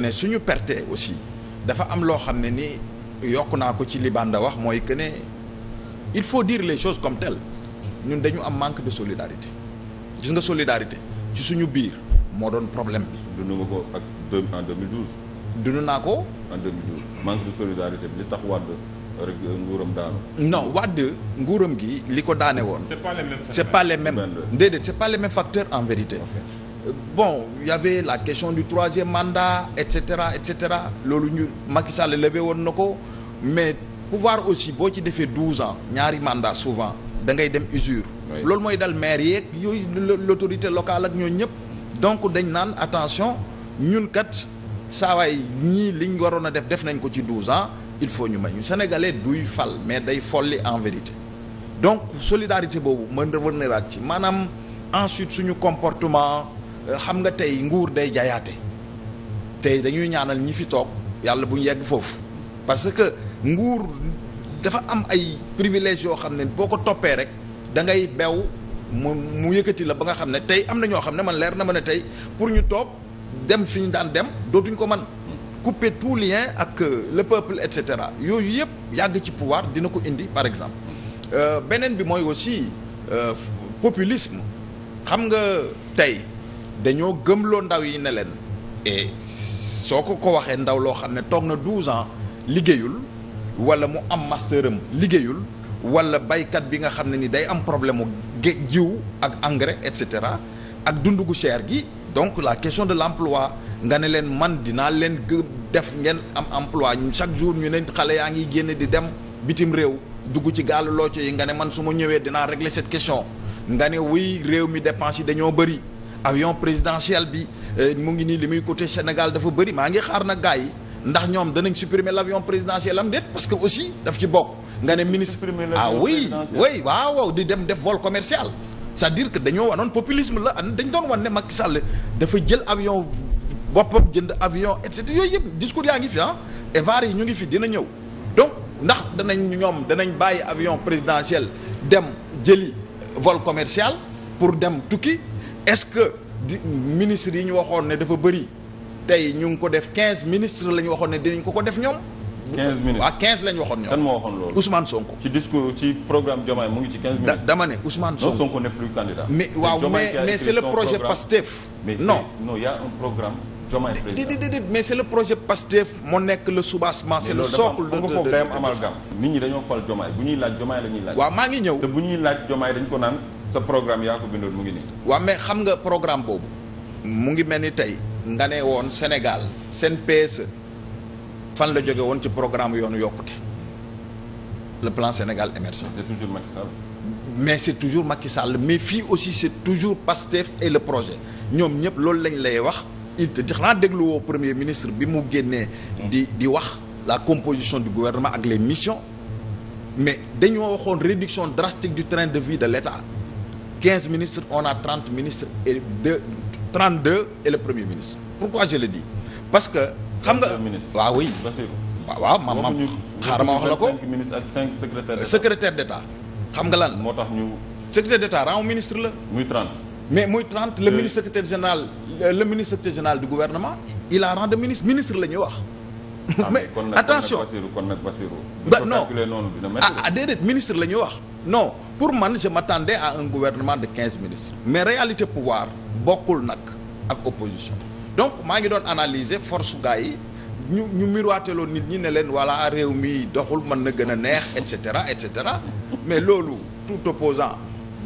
que suñu perte aussi dafa am loo xam ne ni yokk naa ko ci li Banda wax mooy que ne il faut dire les choses comme telles ñun dañu am manque de solidarité gis nga solidarité ci suñu biir moo doon problème bi. dund nga ko ak en 2012. dund naa ko. en 2012 manque de solidarité bi li tax Wade rek euh, nguuram daanu. non Wade nguuram gi li ko daane woon. c'est pas les mêmes facteurs c'est pas les mêmes déedéet en vérité. bon y avait la question du troisième mandat et cetera et cetera loolu ñu Macky Sall levé woon na ko mais pouvoir aussi boo ci defee douze ans ñaari mandat souvent da ngay dem usure loolu mooy dal maire yeeg yooyu l'autorité locale ak ñoo ñëpp donc dañ naan attention ñun kat saawaay ñii liñ waroon a def def nañ ko ci douze ans il faut ñu mañ ñu sénégalais duy fal mais day folli en vérité donc solidarité boobu mën revenir ci maanaam ensuite suñu comportement xam nga tey nguur day jaayaate tey dañuy ñaanal ñi fi toog yàlla bu ñu yegg foofu parce que nguur dafa am ay privilèges yoo xam ne boo ko toppee rek dangay beew bew mu mu yëkkati la ba nga xam ne tey am na ñoo xam ne man leer na ma ne tey pour ñu toog dem fi ñu daan dem dootuñ ko man couper tout lien ak euh, le peuple et cetera yooyu yëpp yàgg ci pouvoir dina ko indi par exemple euh, beneen bi mooy aussi euh, populisme xam nga tey dañoo gëmloo ndaw yi ne leen et eh, soo ko ko waxee ndaw loo xam ne toog na 12 ans liggéeyul wala mu am master am liggéeyul wala baykat bi nga xam ne ni day am problème mu jiw ak engrais et cetera ak dund gu cher gi donc la question de l'emploi nga ne leen man dinaa leen gë def ngeen am emploi chaque jour ñu ne xale yaa ngi génn di dem bitim réew dugg ci gaalu looco yi nga ne man su ma ñëwee dinaa régler cette question nga ne wuy réew mi dépense yi dañoo bëri avion présidentiel bi euh, mu ngi nii li muy côté Sénégal dafa bëri maa ngi xaar na gars yi ndax ñoom danañ supprimer l' avion présidentiel am déet parce que aussi daf ci bokk nga ne ministre ah oui oui waaw waaw di dem def vol commercial c'est-à-dire que dañoo wanoon populisme la dañ doon wan ne Macky Sall dafa jël avion boppam jënd avion et cetera yooyu yëpp discours yaa ngi fi ah evar yi ñu ngi fi dina ñëw donc ndax danañ ñoom danañ bàyyi avion présidentiel dem jëli vol commercial pour dem tukki est-ce que ministre yi ñu waxoon ne dafa bëri tey ñu ngi ko def quinze ministre la ñu waxoon ne dinañ ko ko def ñoom. quinze ministres waaw ah, la ñu waxoon moo waxoon loolu Ousmane Sonko. ci discours ci programme Diomaye mu ngi ci quinze ministres. dama projet PASTEF. non non il a un ñi dañoo fal Diomaye bu ñuy laaj Diomaye la ñuy laaj. maa ngi ñëw te bu ñuy laaj Diomaye dañ ko naan sa programme yaa ko bindoon mu ngi nii. waa mais xam nga programme boobu. mu ngi mel ni tey. nga ne woon Sénégal seen PSE. fan la jóge woon ci programme yoonu yokkute. le plan Sénégal émergent. c'est toujours Macky Sall. mais c'est toujours Macky Sall mais fii aussi c'est toujours Pastef et le projet ñoom ñëpp loolu lañ lay wax il te xanaa déglu woo premier ministre bi mu génnee. di di wax la composition du gouvernement ak les missions. mais dañoo waxoon réduction drastique du de vie de l'État. quinze ministres on a 30 ministres et deux 32 et le premier ministre pourquoi je le dis parce que. xam nga waaw waaw maam maam xaaral ma wax la ko ministre ak 5 secrétaire d'état xam nga la moo tax ñu. secrétaire d'état rang ministre la. muy 30. mais muy 30 le ministre secrétaire général euh, le ministre secrétaire général du gouvernement il a rang de ministre ministre la ñuy wax. Ah, mais attention kon nag non bu ñu noonu dina métti ah, ah, déedéet ministre la ñuy wax. non pour man je m'attendais à un gouvernement de quinze ministres mais réalité pouvoir bokkul nag ak opposition donc maa ngi doon analyser force gars ñu ñu miroiteloo nit ñi ne leen voilà réew mi doxul mën na gën a neex et cetera et cetera mais loolu tout opposant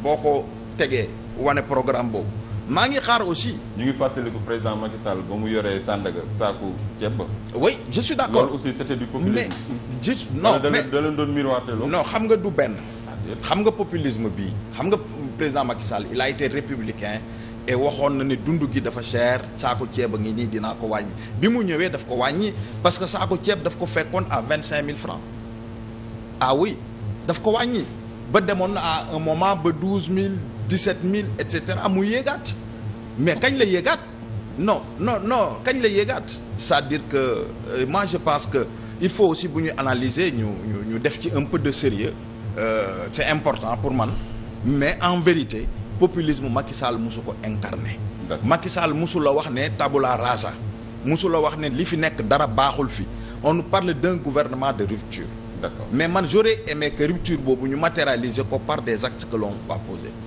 boo ko tegee wane programme boobu maa ngi xaar aussi. ñu ngi fàttaliku président Macky Sall ba mu yore Sandaga saaku ceeb ba. oui je suis d'accord loolu aussi c'était du populisme. mais juste non mais da leen doon miroiteloo. non xam nga du benn. xam nga populisme bii xam nga président Macky Sall il a été républicain et waxoon na ne dund gi dafa cher saako ceeb a ngi nii dinaa ko wàññi bi mu ñëwee daf ko wàññi parce que saako ceeb daf ko fekkoon à vingt cinq mille francs ah oui daf ko wàññi ba demoon na à un moment ba douze mille dix sept mille et cetera mu yéegaat mais kañ la yéegaat no no no kañ la yéegaat c'est-à-dire que euh, moi je pense que il faut aussi bu ñuy analyser ñu ñu def ci un peu de sérieux euh, c'est important pour man mais en vérité populisme Macky Sall mosu ko incarné Macky Sall mosu la wax ne tabula rasa mosu la wax ne li fi nekk dara baaxul fi on nous parle d'un gouvernement de rupture mais man j'aurais aimé que rupture boobu ñu matérialiser ko par des actes que